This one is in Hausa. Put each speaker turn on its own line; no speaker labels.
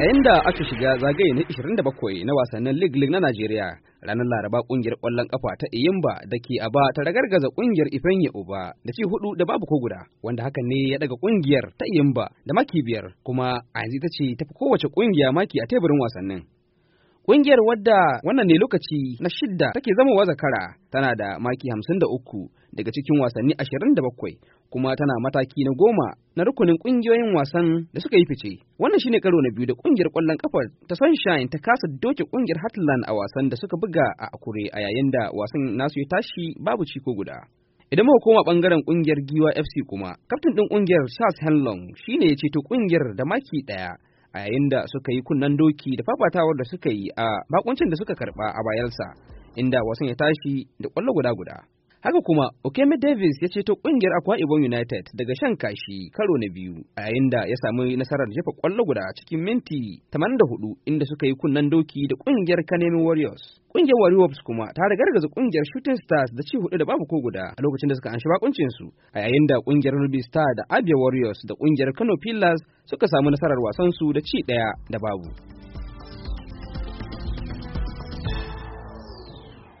yayin da aka shiga zagaye na 27 na wasannin league league na Najeriya ranar Laraba kungiyar kwallon kafa ta Iyimba da ke a ba ta ragargaza kungiyar Ifenye Uba da ci hudu da babu ko guda wanda hakan ne ya daga kungiyar ta Iyimba da maki biyar kuma a yanzu ita ce tafi kowace kungiya maki a teburin wasannin kungiyar wadda wannan ne lokaci na shidda take zama wa zakara tana da maki hamsin da uku daga cikin wasanni ashirin da bakwai kuma tana mataki na goma na rukunin ƙungiyoyin wasan da suka yi fice. Wannan shine karo na biyu da ƙungiyar ƙwallon kafar ta Sunshine ta kasa doke kungiyar Heartland a wasan da suka buga a Akure a yayin da wasan nasu ya tashi babu ci ko guda. Idan muka koma bangaren kungiyar Giwa FC kuma, kaftin din kungiyar Charles Henlong shine ya ceto kungiyar da maki daya a yayin da suka yi kunnen doki da fafatawar da suka yi a bakuncin da suka karba a bayansa, inda wasan ya tashi da kwallo guda guda Haka kuma, Okeme Davis ya ceto kungiyar Akwa Ibon United daga shan kashi karo na biyu, a yayin da ya sami nasarar jefa kwallo guda cikin minti 84 inda suka yi kunnen doki da kungiyar Kanemi Warriors. Kungiyar Warriors kuma ta ragargaza kungiyar Shooting Stars da ci hudu da babu ko guda a lokacin da suka anshi bakuncin su, a yayin da kungiyar Ruby Star da Abia Warriors da kungiyar Kano Pillars suka samu nasarar wasan su da ci daya da babu.